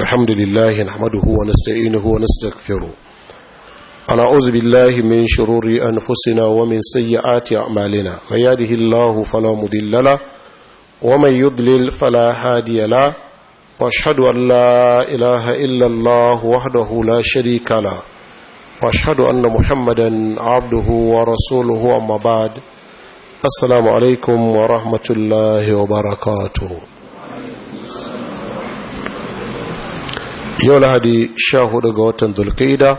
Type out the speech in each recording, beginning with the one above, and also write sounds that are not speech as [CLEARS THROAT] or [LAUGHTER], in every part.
الحمد لله نحمده ونستعينه ونستغفره أنا أعوذ بالله من شرور أنفسنا ومن سيئات أعمالنا من يهده الله فلا مضل له ومن يضلل فلا هادي له واشهد أن لا إله إلا الله وحده لا شريك له واشهد أن محمدا عبده ورسوله أما بعد السلام عليكم ورحمة الله وبركاته yau lahadi sha hudu ga watan dulkaida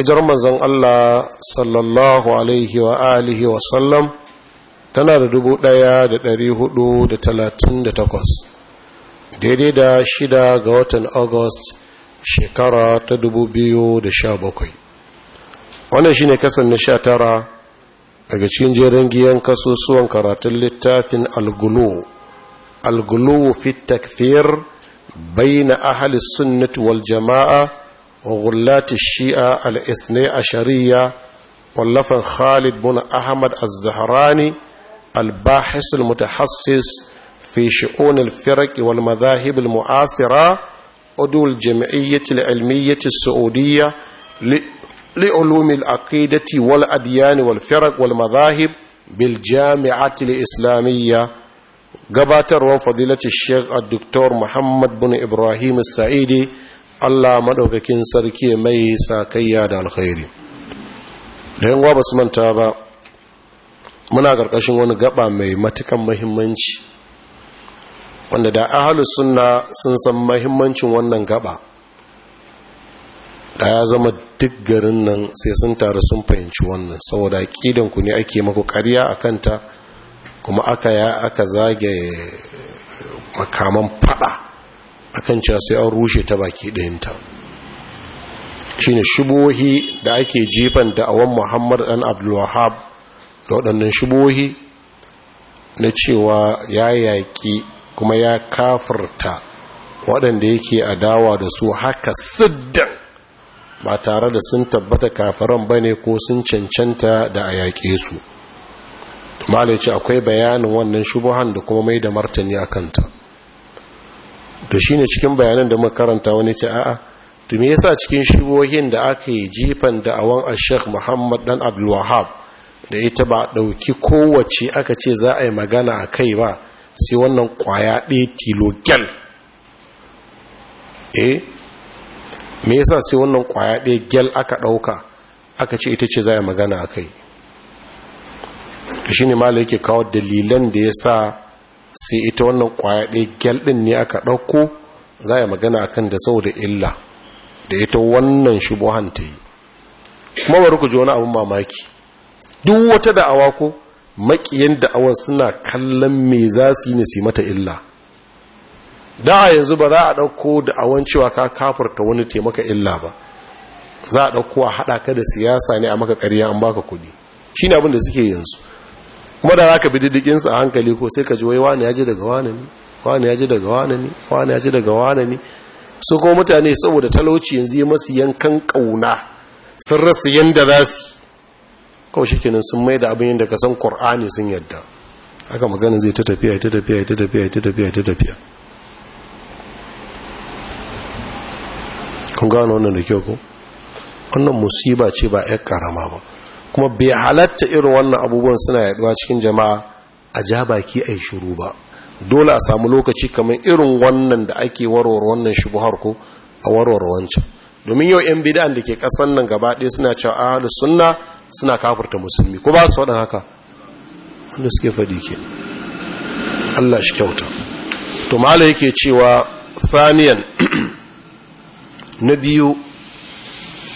ijar manzan Allah sallallahu alaihi wa alihi wa sallam tana da dubu daya da dari hudu da talatin da takwas daidai da shida ga watan august shekara ta dubu biyu da sha bakwai wannan shine kasan na sha tara daga cikin jerin giyan kasusuwan karatun littafin algulu algulu fit takfir بين أهل السنة والجماعة وغلات الشيعة الاثني عشرية واللفن خالد بن أحمد الزهراني الباحث المتخصص في شؤون الفرق والمذاهب المعاصرة عضو الجمعية العلمية السعودية لعلوم العقيدة والأديان والفرق والمذاهب بالجامعة الإسلامية gabatarwar fadilaci Sheik a duktor muhammad bin ibrahim sa'idi allah maɗaukakin sarki mai sakayya da alkhairi da yin ba su manta ba muna ƙarƙashin wani gaba mai matukan mahimmanci wanda da ahalus sunna sun san mahimmancin wannan gaba da ya zama duk garin nan sai sun taru sun fahimci wannan saboda ƙidanku ne ake maku ƙarya a kanta kuma aka ya aka zage makaman fada akan cewa sai an rushe ta baki ɗayinta shine shubohi da ake jifan da'awan muhammad dan abdulwahab da waɗannan shubohi na cewa ya yaƙi kuma ya kafirta waɗanda yake adawa da su haka siddan ba tare da sun tabbata kafiran bane ko sun cancanta da a yaƙe su malai ce akwai bayanin wannan shubuhan da kuma mai da martani a kanta da shi ne cikin bayanan da muka karanta wani ce a'a da me yasa cikin shubuhin da aka yi jifan da awan Muhammad dan abdulwahab da ita ba dauki kowace aka ce za a yi magana a kai ba sai wannan kwaya ɗaya tilo gyal eh me yasa sai wannan kwaya ɗaya gyal aka ɗauka aka ce ita ce za a yi magana a kai to shine malai yake kawo dalilan da ya sa sai ita wannan kwaya ɗaya gyal ɗin ne aka ɗauko za a magana akan da saboda illa da ita wannan shubuhan ta yi kuma bari ku ji wani abin mamaki duk wata da'awa ko makiyan da'awan suna kallon me za su yi ne mata illa da yanzu ba za a ɗauko da'awan cewa ka kafarta wani taimaka illa ba za a ɗauko a haɗa ka da siyasa ne a maka ƙarya an baka kuɗi shi ne abin da suke yanzu kuma da zaka bi diddigin sa hankali ko sai ka ji wai wani ya ji daga wani ne wani ya ji daga wani ne wani ya ji daga wani ne su kuma mutane saboda talauci yanzu yi masu yankan kauna sun rasa yanda za su kawai shikenan sun mai da abin yadda ka san qur'ani sun yadda haka magana zai ta tafiya ta tafiya ta tafiya ta tafiya ta tafiya kun gano wannan da kyau ko wannan musiba ce ba ƴar karama ba kuma bai halatta irin wannan abubuwan suna yaduwa cikin jama'a a ja baki a yi shuru ba dole a samu lokaci kamar irin wannan da ake warware wannan shubuhar ko a warware wancan domin yau 'yan bidan da ke kasan nan gaba ɗaya suna cewa ahalus sunna suna kafurta musulmi ko ba su waɗin haka wanda suke faɗi ke Allah shi kyauta to mala yake cewa faniyan [CLEARS THROAT] na biyu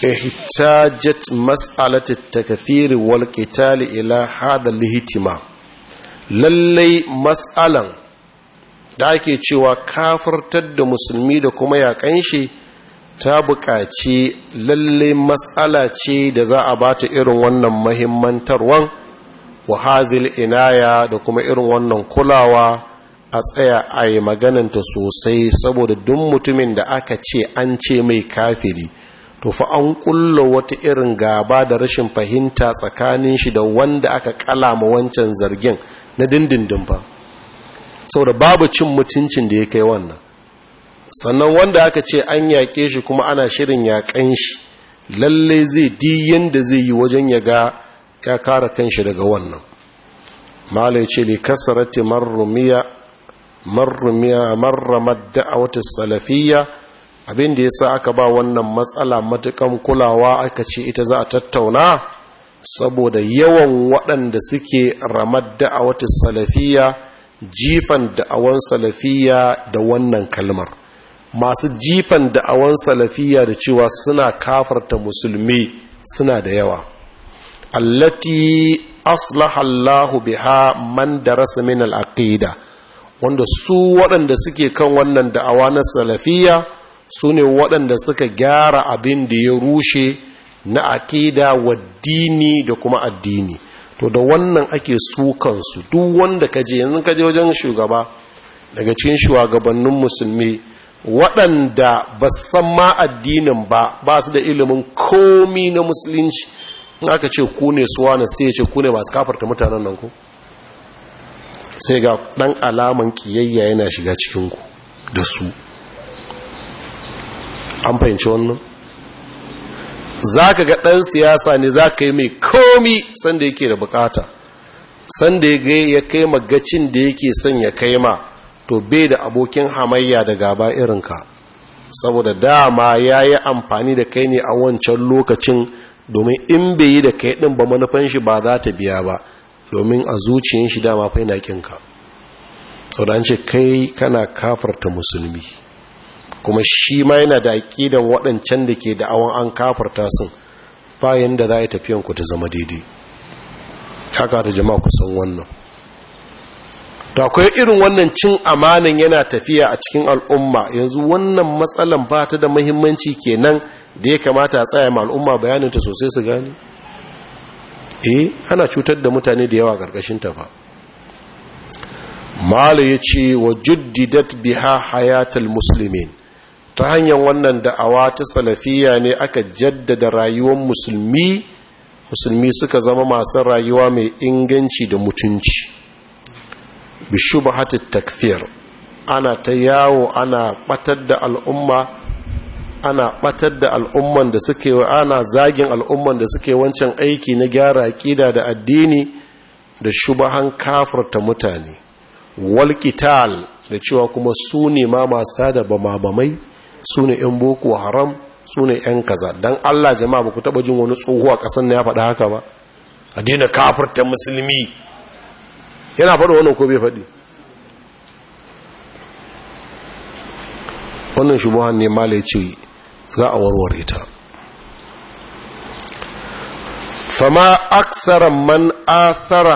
ihtajat mas'alatat takfir wal qital ila hada lihitima lallai mas'alan da ake cewa kafartar da musulmi da kuma yakan shi ta buƙaci lallai mas'ala ce da za a bata irin wannan mahimmantarwan wa inaya da kuma irin wannan kulawa a tsaya a yi magananta sosai saboda duk mutumin da aka ce an ce mai kafiri to fa an kullo wata irin gaba da rashin fahimta tsakanin shi da wanda aka kala ma wancan zargin na dindindin fa saboda babu cin mutuncin da ya kai wannan sannan wanda aka ce an yaƙe shi kuma ana shirin yaƙen shi lalle zai diyin da zai yi wajen ya ga ya kare kanshi daga wannan mala ya ce li kasarati marrumiya marrumiya marramar da'awatis salafiyya abin da ya sa aka ba wannan matsala matukan kulawa aka ce ita za a tattauna saboda yawan waɗanda suke ramar wata salafiya jifan da'awan salafiya da wannan kalmar masu jifan da'awan salafiya da cewa suna kafarta musulmi suna da yawa allati aslaha Allahu biha man darasa min al wanda su waɗanda suke kan wannan da'awa na salafiya su ne waɗanda suka gyara abin da ya rushe na aƙida wa dini da kuma addini to da wannan ake sukansu duk wanda ka je yanzu ka je wajen shugaba daga cikin shugabannin musulmi waɗanda ba san ma addinin ba ba su da ilimin komi na musulunci in aka ce ku ne suwa na sai ce ku ne masu kafarta mutanen nan ku sai ga ɗan alaman ƙiyayya yana shiga cikinku da su an fahimci wannan za ka ga ɗan siyasa ne za ka yi mai komi sanda yake da bukata sanda ya kai magacin da yake son ya kai ma to bai da abokin hamayya da gaba irinka saboda dama ya yi amfani da kai ne a wancan lokacin domin in bai yi da kai ɗin ba manufan shi ba za ta biya ba domin a zuciyin shi dama fai na kinka sau da an ce kai kana kafarta musulmi kuma shi ma yana da aƙidan waɗancan da ke da awon an kafarta sun bayan da za a yi tafiyanku ta zama daidai haka da jama'a kusan wannan da akwai irin wannan cin amanin yana tafiya a cikin al'umma yanzu wannan matsalan ba ta da mahimmanci kenan da ya kamata a tsaya ma al'umma bayaninta sosai su gani eh ana cutar da mutane da yawa ta ba mala ya ce wa juddidat biha hayatul muslimin ta hanyar wannan da'awa ta salafiya ne aka jaddada rayuwar musulmi musulmi suka zama masu rayuwa mai inganci da mutunci bishuba hatta takfir ana ta yawo ana batar da al'umma ana batar da al'umman da suke ana zagin al'umman da suke wancan aiki na gyara aƙida da addini da shubahan kafirta mutane walƙital da cewa kuma su ne ma masu tada ba su ne 'yan boko haram su ne 'yan kaza don allah jama'a ba ku taɓa jin wani tsohuwa kasan na ya faɗa haka ba a daina kafirta musulmi yana faɗa wani ko bai faɗi wannan shubuhan ne mala ce za a warware ta فما أكثر من آثر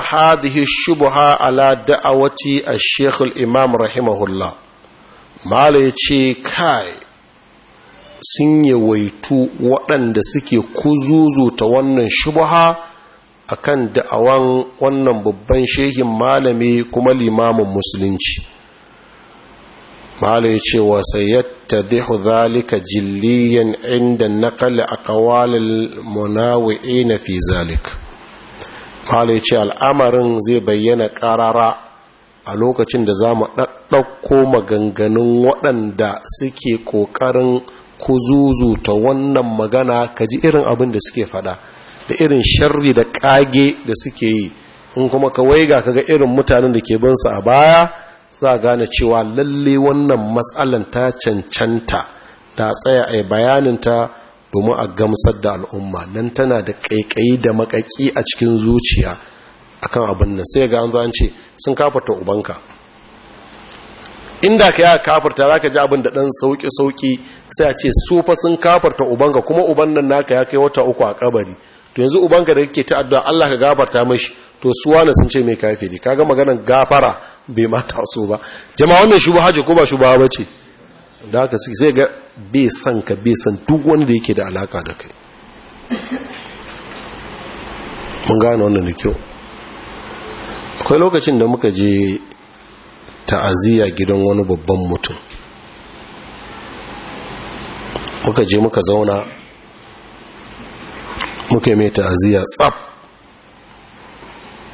shubuha ala da'awati a الشيخ imam rahimahullah mala ما ka kai sun yawaitu waɗanda suke kuzuzuta wannan shubaha kan da'awan wannan babban shehin malami kuma limamin musulunci malai cewa sayattabihu zalika jilliyan inda naqal munawai na fi zalik malai ce al'amarin zai bayyana ƙarara a lokacin da za mu ɗaɗɗauko maganganun waɗanda suke ƙoƙarin ku zuzuta wannan magana ka ji irin abin da suke fada da irin sharri da kage da suke yi in kuma ka waiga kaga irin mutanen da ke binsu a baya za gane cewa lalle wannan matsalan ta cancanta da tsaya a bayaninta domin a gamsar da al'umma nan tana da ƙaiƙayi da makaƙi a cikin zuciya akan abin nan sai ga an zo an ce sun kafata ubanka inda ka yi kafarta za ka ji abin da ɗan sauƙi-sauƙi sai a ce sufa sun kafarta ubanga kuma uban nan naka ya kai wata uku a kabari to yanzu ubanka da kake ta'adda Allah ka gafarta mashi to suwa ne sun ce mai kafiri kaga maganar gafara bai mata ba jama'a wannan shubha haji ko ba shubha ba ce da haka sai ga bai san ka bai san duk wani da yake da alaka da kai mun gane wannan da kyau akwai lokacin da muka je ta'aziyya gidan wani babban mutum muka je muka zauna muka yi mai ta'aziyya tsab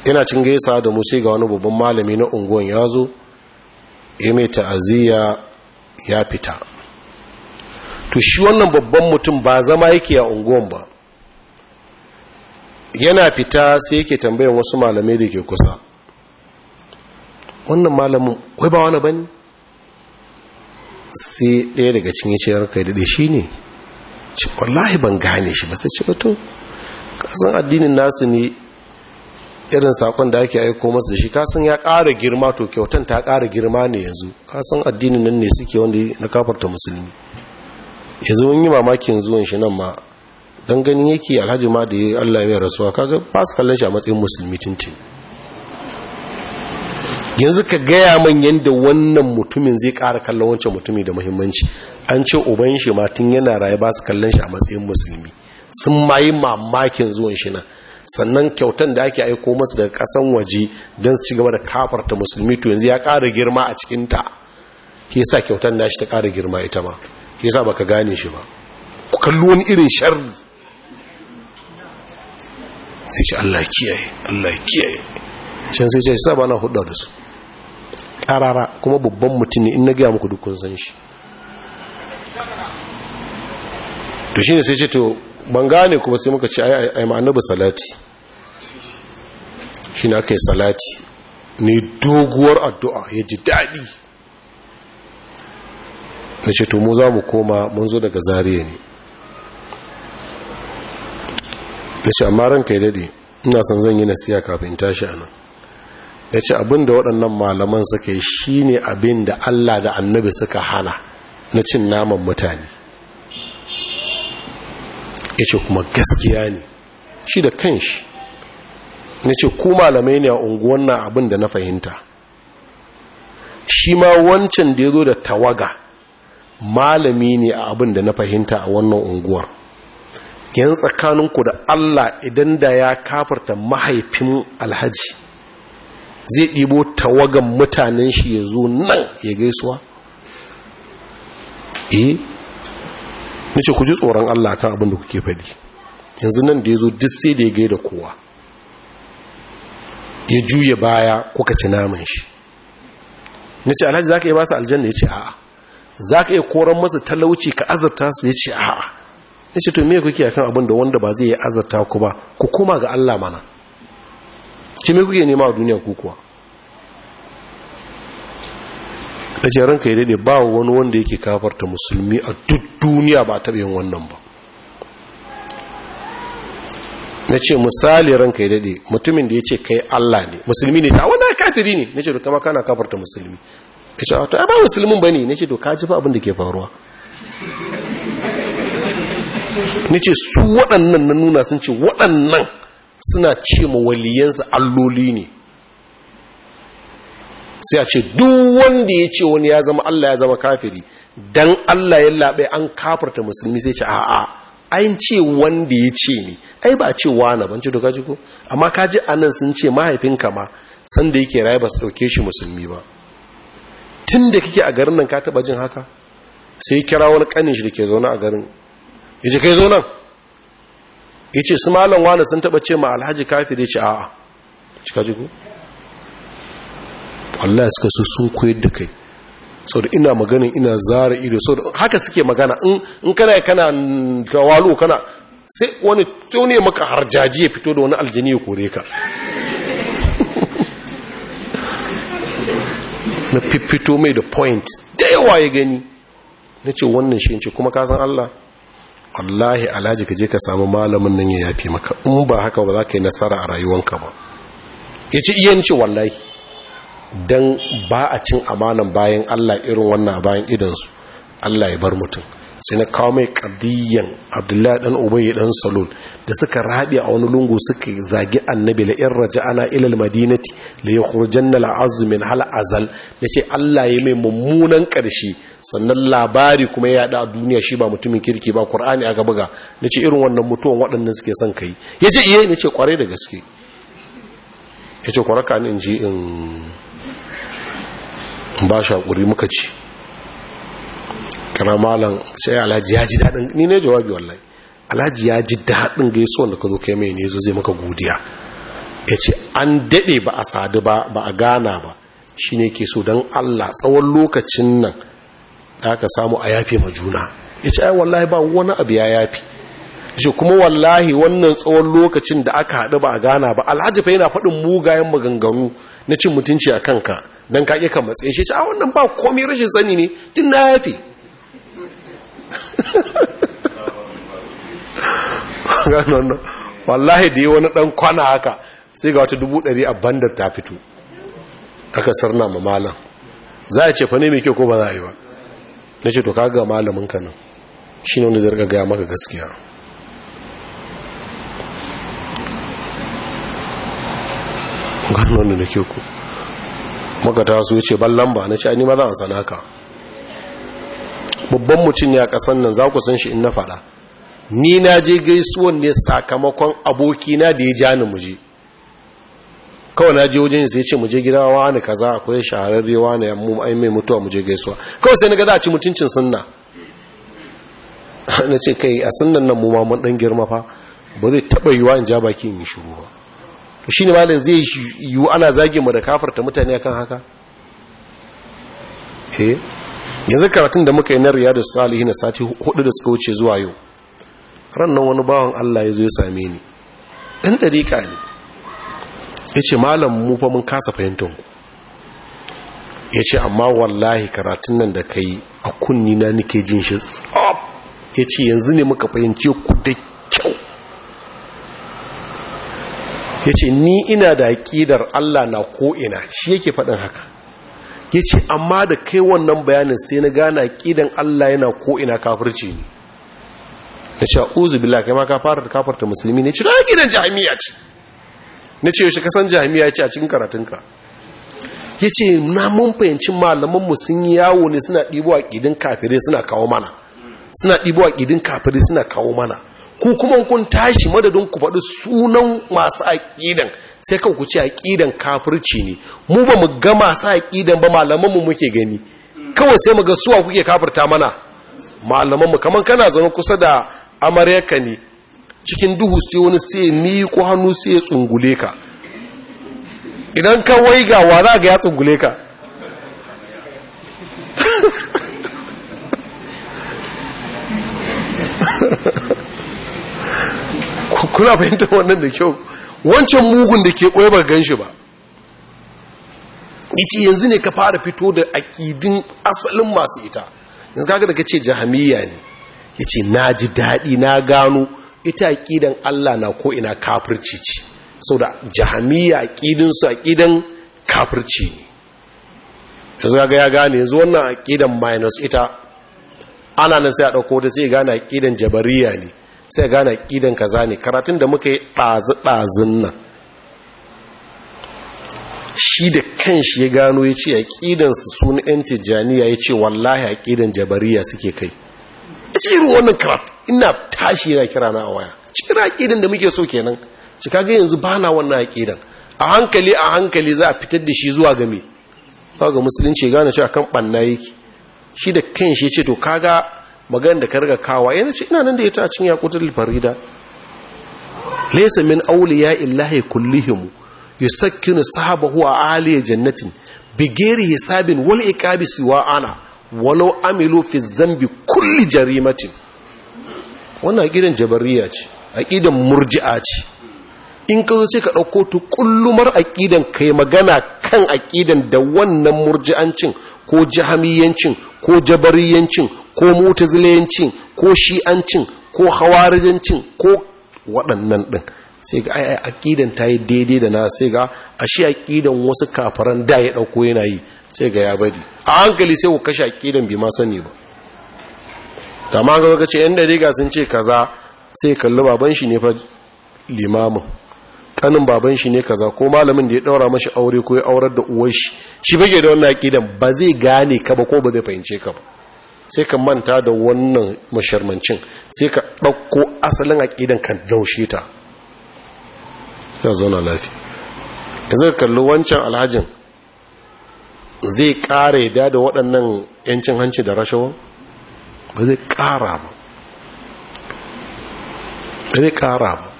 ina cin gaisa da mu sai ga wani babban malami na unguwan ya zo ya mai ta'aziyya ya fita to shi wannan babban mutum ba zama yake a unguwan ba yana fita sai yake tambayin wasu malamai da ke kusa wannan malamin wai ba wani bane sai ɗaya daga cikin ya ce ranka daɗe shi ne wallahi ban gane shi ba sai ce to kasan addinin nasu ne irin sakon da ake aiko masu da shi kasan ya ƙara girma to kyautan ta ƙara girma ne yanzu kasan addinin nan ne suke wanda na kafarta musulmi yanzu mun yi mamakin zuwan shi nan ma don gani yake alhaji ma da yi Allah ya rasuwa kaga ba su kallon shi a matsayin musulmi tintin yanzu ka gaya man yadda wannan mutumin zai kara kallon wancan mutumi da muhimmanci an ce uban shi ma tun yana raye ba su kallon shi a matsayin musulmi sun mayi mamakin zuwan shi na. sannan kyautan da ake aiko masu daga kasan waje don su ci gaba da kafarta musulmi to yanzu ya kara girma a cikinta ke sa kyautan da shi ta kara girma ita ma ke sa baka gane shi ba ku kallo wani irin sharri sai ce Allah kiyaye Allah kiyaye can sai ce sa ba na hudu da su karara kuma babban mutum ne in na gaya muku dukkan san shi to shine sai ce to ban gane kuma sai muka ce ai ai annabi salati shine aka yi salati ne doguwar addu'a ya ji daɗi na ce to mu za mu koma mun zo daga zariya ne na ce amma ranka ya daɗe ina son zan yi nasiya kafin tashi a nan ya ce abin waɗannan malaman suka yi shi ne abin da allah da annabi suka hana na cin naman mutane ya ce kuma gaskiya ne shi da kanshi ya ce ku malamai ne a unguwan na abin da na fahimta shi ma wancan da ya zo da tawaga malami ne a abin da na fahimta a wannan unguwar yan tsakaninku da allah idan da ya kafarta mahaifin alhaji zai ɗibo tawagan mutanen shi ya zo nan ya gaisuwa eh ce ku ji tsoron Allah kan abin da kuke faɗi yanzu nan da ya zo duk sai da ya gaida kowa ya juya baya kuka ci naman shi ce alhaji zaka yi ba su aljanna ce a'a zaka iya koran masa talauci ka azarta su ya ce a'a ce to me kuke akan abin da wanda ba zai yi azarta ku ba ku koma ga Allah mana ce mai kuke nema a duniya kukuwa kuwa a ce ranka yi daɗe ba wani wanda yake kafarta musulmi a duk duniya ba taɓa yin wannan ba na ce misali ranka yi daɗe mutumin da ya ce kai Allah ne musulmi ne ta wani kafiri ne na ce to kama kana kafarta musulmi ka ce to ba musulmin ba ne na ce to ji fa abin da ke faruwa [LAUGHS] na ce su waɗannan na nuna sun ce waɗannan suna ce ma alloli ne sai a ce duk wanda ya ce wani ya zama Allah ya zama kafiri dan Allah ya labe an kafarta musulmi sai ce a ayin ce wanda ya ce ne ai ba ce wani ban ce to jiko ko amma ji anan sun ce mahaifinka ma sanda yake raye ba su dauke shi musulmi ba tun da kike a garin nan ka taba jin haka sai kira wani kanin shi da ke zaune a garin ya ce kai zo nan ya ce su malon wane sun taɓa ce ma alhaji kafiri ce a'a cika jiku wallahi suka su sun koyar da kai sau da ina maganin ina zara ido sau da haka suke magana in kana kana tawalu kana sai wani tsoni maka harjaji ya fito da wani aljini ya kore ka [LAUGHS] na fito mai da point da yawa ya gani na ce wannan shi ce kuma kasan Allah wallahi alhaji ka je ka samu malamin nan ya yafi maka in ba haka ba za ka yi nasara a rayuwanka ba ya ce iya wallahi don ba a cin amanan bayan allah irin wannan bayan idansu allah ya bar mutum sai na kawo mai kadiyyan abdullahi dan ubayi dan salon da suka rabi a wani lungu suka zagi annabi la in raja'ana ila almadinati la yukhrijanna al'azm hal azal nace Allah ya mai mummunan karshe sannan labari kuma ya da a duniya shi ba mutumin kirki ba qur'ani aka buga ce irin wannan mutuwan waɗannan suke son kai yace iye ce ƙware da gaske Ya ce ƙwararka ne in ji in ba shi haƙuri muka ci kana malam sai alhaji ya ji daɗin. ni ne jawabi wallai. alhaji ya ji ga yaso da ka zo kai mai ne zo zai maka godiya Ya ce an daɗe ba a sadu ba ba a gana ba Shi ne ke so don Allah tsawon lokacin nan da aka samu a yafe ma juna ya ce ai wallahi ba wani abu ya yafi shi kuma wallahi wannan tsawon lokacin da aka haɗu ba a gana ba alhaji fa yana faɗin mugayen maganganu na cin mutunci a kanka don ka ƙi ka matsayin shi a wannan ba komai rashin sani ne din na yafi wallahi da yi wani ɗan kwana haka sai ga wata dubu ɗari a bandar ta fito aka sarna ma malam za a ce fa ne mai kyau ko ba za a yi ba na ce to kaga malamin ka nan shi ne wanda zai gaya maka gaskiya gano wanda da ke ku maka taso ya ce ban lamba na ce ni maza za a sana babban mutum ne a kasan nan za ku san shi in na faɗa ni na je gaisuwan ne sakamakon abokina da ya ja ni muje kawai na je wajen sai ce mu je gida wa ne kaza akwai shahararre wa ne mu ai mai mutuwa muje gaisuwa kawai sai na ga za a ci mutuncin sunna [LAUGHS] na ce kai a sunnan nan mu ma mun dan girma fa ba zai taba yiwa in ja baki in yi shiru ba to shine malam zai yiwu ana zage mu da kafarta mutane akan haka eh yanzu karatun da muka yi na riyadus na sati hudu da suka wuce zuwa yau ran nan wani bawan Allah ya zo ya same ni dan dariƙa ne ya ce malam mu fa mun kasa fahimtar ku ya ce amma wallahi karatun nan da ka a kunni na nike jin shi tsab ya ce yanzu ne muka fahimce ku da kyau ya ce ni ina da aƙidar allah na ko'ina shi yake faɗin haka ya ce amma da kai wannan bayanin sai na gane aƙidan allah yana ko'ina kafirci ne ya ce uzu bila kai ma ka fara kafarta musulmi ne ce na gidan jami'a ce Ni ce yaushe kasan jami'a ce a cikin karatunka ya ce na mun fahimci malamanmu sun yi yawo ne suna ɗibo a ƙidin kafirai suna kawo mana suna ɗibo a ƙidin kafirai suna kawo mana ku kuma kun tashi madadin ku faɗi sunan masu aƙidan sai kan ku ce aƙidan kafirci ne mu ba mu ga masu aƙidan ba malamanmu muke gani kawai sai mu ga suwa kuke kafirta mana malamanmu kamar kana zaune kusa da amaryarka ne cikin duhu sai wani sai ku hannu sai ya tsungule ka idan ka ga wa za ga ya tsungule ka kuna fahimtar wannan da kyau wancan mugun da ke ƙwai ba gan shi ba yace yanzu ne ka fara fito da aƙidin asalin masu ita yanzu kaga da ka ce jahamiya ne yace na ji daɗi na gano ita ƙidan Allah na ko'ina ina kafirci ce saboda jahamiyya ƙidinsu a ƙidan kafirci ne yanzu ga ya gane yanzu wannan ƙidan minus ita ana nan sai a ɗauko da sai gane ƙidan jabariya ne sai gane aqidan kaza ne karatun da muka yi ɗazu ɗazin nan shi da kan shi ya gano ya ce a ƙidansu sun yan tijjaniya ya ce wallahi ƙidan jabariya suke kai irin wannan krat ina tashi yana kira na a waya cikin aƙidan da muke so kenan ci kaga yanzu ba na wannan aƙidan a hankali a hankali za a fitar da shi zuwa game ba ga musulunci gane shi a kan ɓanna yake shi da kan shi ce to kaga magana da karga kawa yana ce ina nan da ya ta cin yakutar farida laysa min awliya illahi kullihim yusakkinu sahabahu a aliya jannatin bigeri hisabin wal iqabi siwa ana walau amilu fi zambi kulli jarimatin wannan aqidan jabariya ce aqidan murji'a ce in ka zo sai ka dauko tu kullumar aqidan kai magana kan aqidan da wannan murji'ancin ko jahamiyancin ko jabariyancin ko mutazilayancin ko shi'ancin ko hawarijancin ko waɗannan ɗin. sai ga ai aqidan ta yi daidai da na sai ga ashe aqidan wasu kafaran da ya ɗauko yana yi sai ga ya bari a hankali sai ku kashe aƙidan bi ma sani ba amma ga kace yan dariga sun ce kaza sai kalli baban shi ne fa limamin kanin baban shi ne kaza ko malamin da ya daura mashi aure ko ya aurar da uwar shi shi bage da wannan aƙidan ba zai gane ka ba ko ba zai fahimce ka ba sai ka manta da wannan masharmancin sai ka ɗauko asalin aƙidan kan daushe ta ya zauna lafiya yanzu kalli wancan alhajin zai ƙara da da waɗannan 'yancin hanci da rashawa ba zai ƙara ba zai kara ba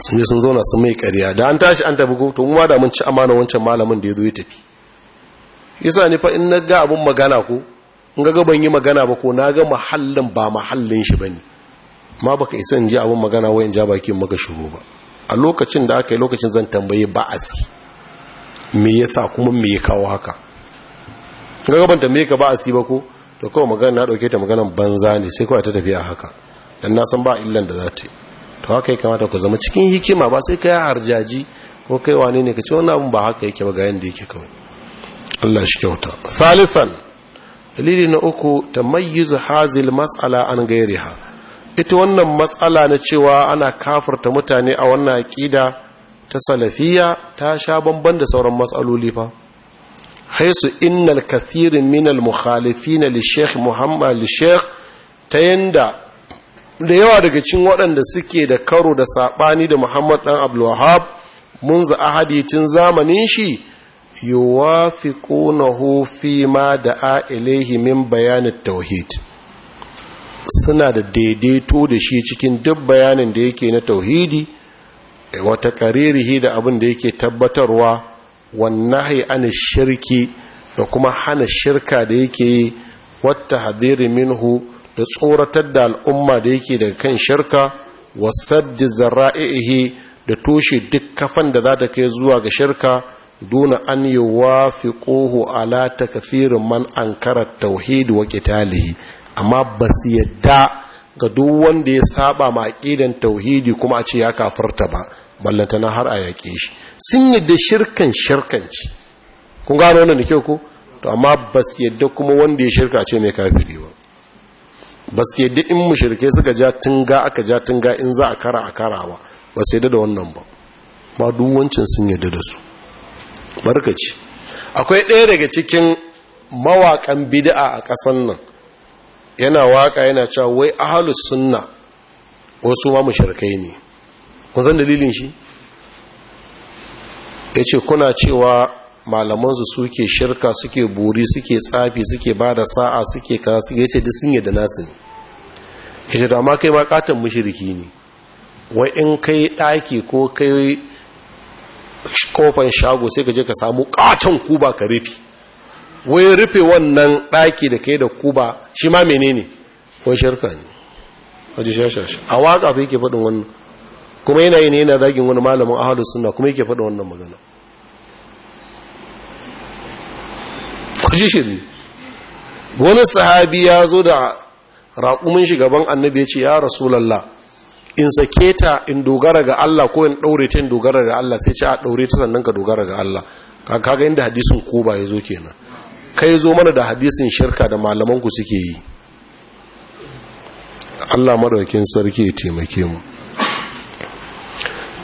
sun yi sun zauna sun mai ƙariya da an tashi an tafi kotu kuma da mun ci amana wancan malamin da ya zo ya tafi yasa ni fa in na ga abin magana ko in ga ban yi magana ba ko na ga mahallin ba mahallin shi bane ma baka isa in ji abin magana wai in ja bakin maka shiru ba a lokacin da aka yi lokacin zan tambaye ba'asi me yasa kuma me ya kawo haka gagaban da me ka ba asi ba ko To kawai magana na dauke ta maganan banza ne sai kawai ta tafi a haka dan na san ba illan da za ta to haka ya kamata ku zama cikin hikima ba sai kai harjaji ko kai wane ne ka ce wannan abun ba haka yake ba ga yanda yake kawai Allah shi kyauta salisan dalili na uku tamayyiz hazil mas'ala an gairiha ita wannan matsala na cewa ana kafarta mutane a wannan aqida ta salafiya ta sha bamban da sauran matsaloli fa haisu innal min al mukhalifina li sheikh muhammad li sheikh ta yanda da yawa daga cikin waɗanda suke da karo da saɓani da muhammad ɗan abdulwahab mun za ahadi zamanin shi yuwafiqunahu fi ma da'a ilayhi min bayanin tauhid suna da daidaito da shi cikin duk bayanin da yake na tauhidi wata karirihi da abin da yake tabbatarwa wannahi an shirki da kuma hana shirka da yake yi wata hadiri minhu da tsoratar da al'umma da yake daga kan shirka wasaddi zara'ihi da toshe duk kafan da za ta kai zuwa ga shirka duna an yi fi ƙoho ala ta kafirin man an kara tauhidu wa ƙitalihi amma ba su yadda ga duk wanda ya saba ma aƙidan tauhidi kuma a ce ya kafarta ba na har a yaƙe shi sun yadda shirkan shirkan kun gano wannan da kyau ku to amma ba su yadda kuma wanda ya shirka ce mai kafiri ba ba su yadda in mu shirke suka ja tunga aka ja tunga in za a kara a kara ba ba su yadda da wannan ba ba duwancin sun yadda da su barkaci akwai ɗaya daga cikin mawaƙan bid'a a ƙasan nan yana waka yana cewa wai ahalus sunna wasu ma mushrikai ne kun san dalilin shi ya ce kuna cewa malamansu suke shirka suke buri suke tsafi suke ba da sa'a suke kaza suke ya ce duk sun yadda nasu ne ya ce dama kai ma katon mashiriki ne wai in kai ɗaki ko kai kofan shago sai ka je ka samu katon kuba ka rufe wai rufe wannan ɗaki da kai da kuba shi ma menene wai shirka ne shashasha a waka fi yake faɗin wannan kuma yana yi ne yana zagin wani malamin ahalus sunna kuma yake faɗa wannan magana kuji shi wani sahabi ya zo da raƙumin shugaban annabi ya ce ya rasulallah in sake ta in dogara ga Allah ko in ɗaure ta in dogara ga Allah sai ce a ɗaure ta sannan ka dogara ga Allah kaga inda hadisin ko ba ya zo kenan kai zo mana da hadisin shirka da malamanku ku suke yi Allah madaukin sarki ya taimake mu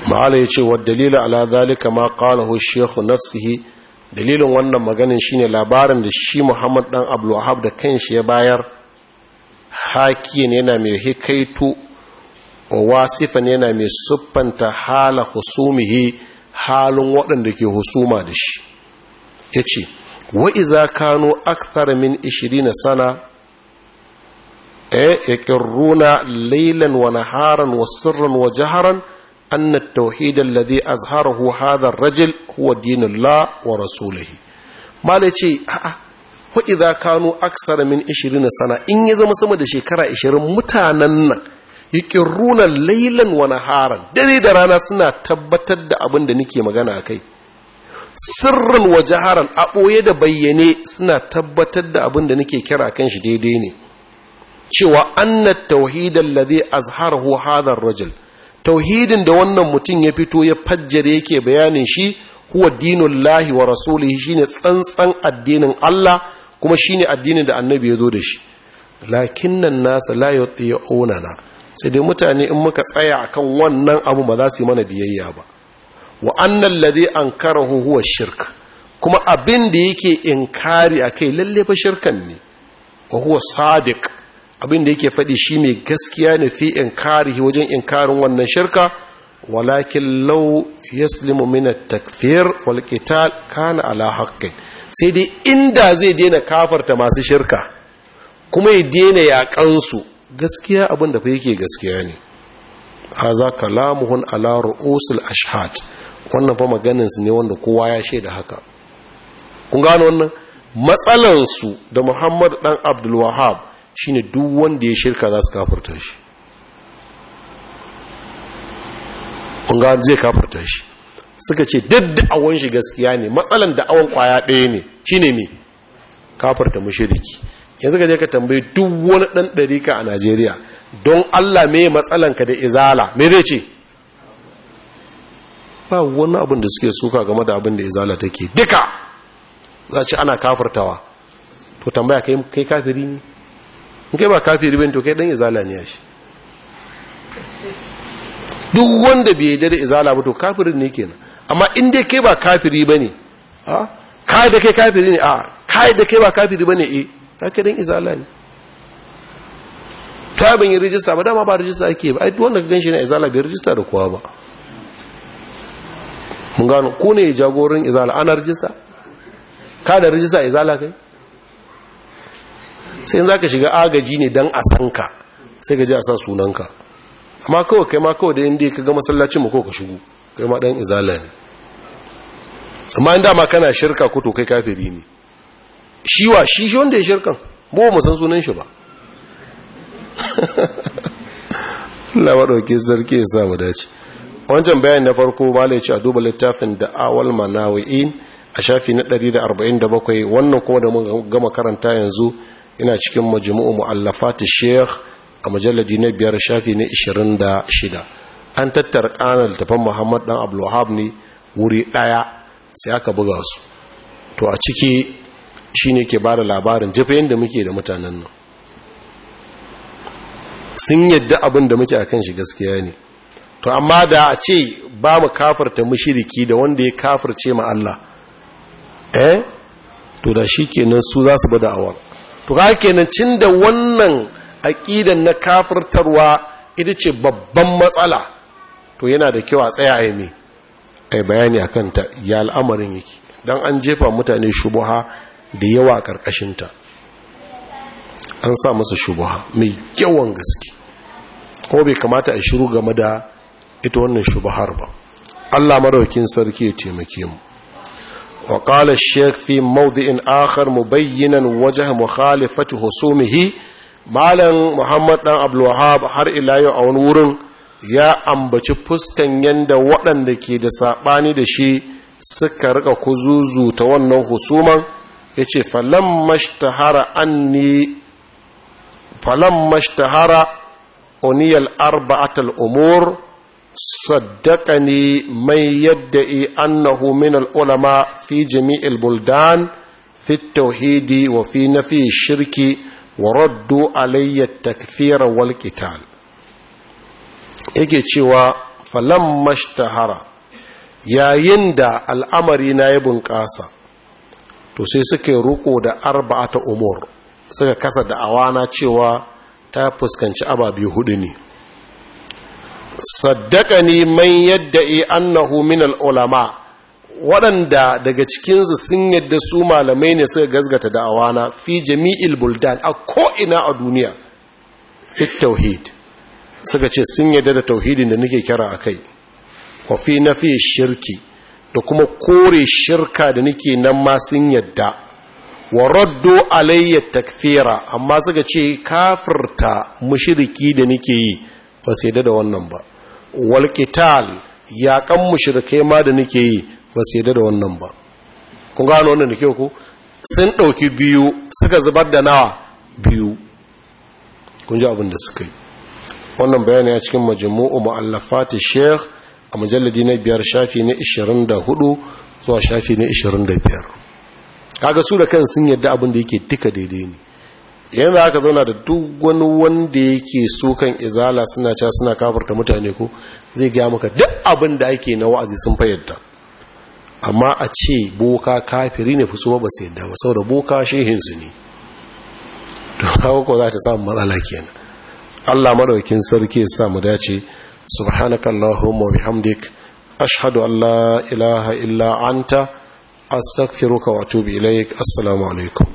ma'ala ya ce wa dalila ala zalika ma hu shehu nafsihi dalilin wannan maganin shine labarin da shi Muhammad dan Abdul da kanshi ya bayar ne yana mai hikaitu wa wasifan yana mai siffanta hala husumihi halin waɗanda ke husuma da shi Ya yace wa iza kanu akthar min 20 sana eh yakiruna laylan wa naharan wa sirran wa jaharan أن التوحيد الذي أظهره هذا الرجل هو دين الله ورسوله ما ليتي وإذا كانوا أكثر من عشرين سنة إن يزم سمد شكرا عشرين متانا يكرون ليلا ونهارا دري درانا سنة تبتد أبن دنيكي مغانا كي سر وجهارا jaharan a ɓoye da bayyane suna tabbatar da abin ديني nake kira kan shi daidai ne cewa annat tauhidin da wannan mutum ya fito ya fajjare yake bayanin shi huwa dinul lahi wa rasulihi shine tsantsan addinin Allah kuma shine addinin da annabi ya zo da shi lakinnan nasa la na sai dai mutane in muka tsaya akan wannan abu ba za su yi mana biyayya ba wa annal ladhi ankarahu huwa shirk kuma abin da yake inkari akai lalle fa shirkan ne wa huwa sadiq abin da yake faɗi shi ne gaskiya ne fi inkarihi wajen karin wannan shirka walakin lau yaslimu min takfir wal kana ala haƙƙin sai dai inda zai daina kafarta masu shirka kuma ya daina yaƙansu. gaskiya abin da fa yake gaskiya ne haza kalamuhun ala ru'usul ashhad wannan fa maganin ne wanda kowa ya shaida haka kun gano wannan matsalansu da Muhammad dan Abdul wahab. shine duk wanda ya shirka za su kafarta shi ƙunga zai kafarta shi suka ce duk shi gaskiya ne matsalan da awon kwaya ɗaya ne shine me kafarta mashiriki yanzu ka je ka tambayi duk wani ɗan ɗarika a Najeriya don Allah mai matsalanka da izala Mai zai ce ba wani abin da suke suka game da abin da izala take duka za ce ana kafartawa. to tambaya kai kafiri ne in kai ba kafiri bane to kai dan izala ne shi duk wanda bai yarda da izala ba to kafirin ne kenan amma in dai kai ba kafiri bane a kai da kai kafiri ne a kai da kai ba kafiri bane eh kai dan izala ne ta ban yi rijista ba dama ba rijista ake ba ai wanda ka ganshi ne izala bai rijista da kowa ba mun gano ku ne jagorin izala ana rijista ka da rijista izala kai sai za ka shiga agaji ne don a san ka sai ka ji a san sunanka amma kawai kai ma kawai da inda ka ga masallacin mako ka shigo kai ma dan izala ne amma in ma kana shirka ko to kai kafiri ne shi wa shi shi wanda ya shirkan ba mu san sunan shi ba [LAUGHS] Allah madauke sarki ya sa mu dace wancan bayan na farko mala la yace a duba littafin da awal manawi'in a shafi na 147 wannan kuma da mun gama karanta yanzu Ina cikin majmu'u mu'allafat sheikh a mujalladi na biyar shafi na 26 an tattara kanar tafan muhammad dan abdulwahab ne wuri daya sai aka buga su to a ciki shine ke bada labarin yin da muke da mutanen nan sun yadda abin da muke kan shi gaskiya ne to amma da a ce ba mu kafarta mushriki da wanda ya kafarce ma Allah eh to da shi shikenan su za su bada awar to ga kenan cin da wannan aƙidan na kafirtarwa ita ce babban matsala to yana da kyau a tsaya a mai ai bayani a ta ya al'amarin yake don an jefa mutane shubuha da yawa a ƙarƙashinta an sa masa shubuha mai yawan gaske ko bai kamata a shiru game da ita wannan shubuhar ba Allah maraukin sarki ya taimake mu وقال الشيخ في موضع آخر مبينا وجه مخالفة خصومه مالا محمد بن عبد الوهاب har ila yau a wani wurin ya ambaci fuskan yanda waɗanda ke da saɓani da shi suka rika kuzuzu ta wannan husuman ya ce falon mashtahara anni falon arba'atal umur ne mai yadda i annahu min al-ulama fi jami'il buldan fi tauhidi wa fi nafi shirki wa raddu alayya takfira wal qital yake cewa falam mashtahara yayin da al'amari na ya bunƙasa to sai suke yi da arba'a ta umur suka kasa da awana cewa ta fuskanci ababi huɗu ne ne man yadda'i annahu min al-ulama waɗanda daga cikinsu sun yadda su malamai ne suka gazgata da'awana fi jami'il buldan a ko'ina a duniya fit tauhid suka ce sun yadda da tauhidin da nake kira a kai wa fi shirki da kuma kore shirka da nake nan ma sun yadda wa raddo alayya takfira amma suka ce kafirta mushiriki da nake yi ba sai da wannan ba wal qital kan mushrikai ma da nake yi ba sai da wannan ba kun gano wannan da kyau ku sun ɗauki biyu suka zubar da nawa biyu kun ji abin da suka yi wannan bayani a cikin majmu'u mu'allafati sheikh a mujalladi na biyar shafi na 24 zuwa shafi na 25 kaga su da kan sun yadda abin da yake tika daidai ne yanzu aka zauna da duk wani wanda yake sukan izala suna ca suna kafarta mutane ko zai gaya maka duk abin da ake na wa'azi sun fayyadda amma a ce boka kafiri ne fuso ba su yadda ba saboda boka su ne to haka ko za ta samu matsala kenan Allah madaukin sarki ya sa mu dace subhanakallahumma wa bihamdik ashhadu an la ilaha illa anta astaghfiruka wa atubu ilaik assalamu alaikum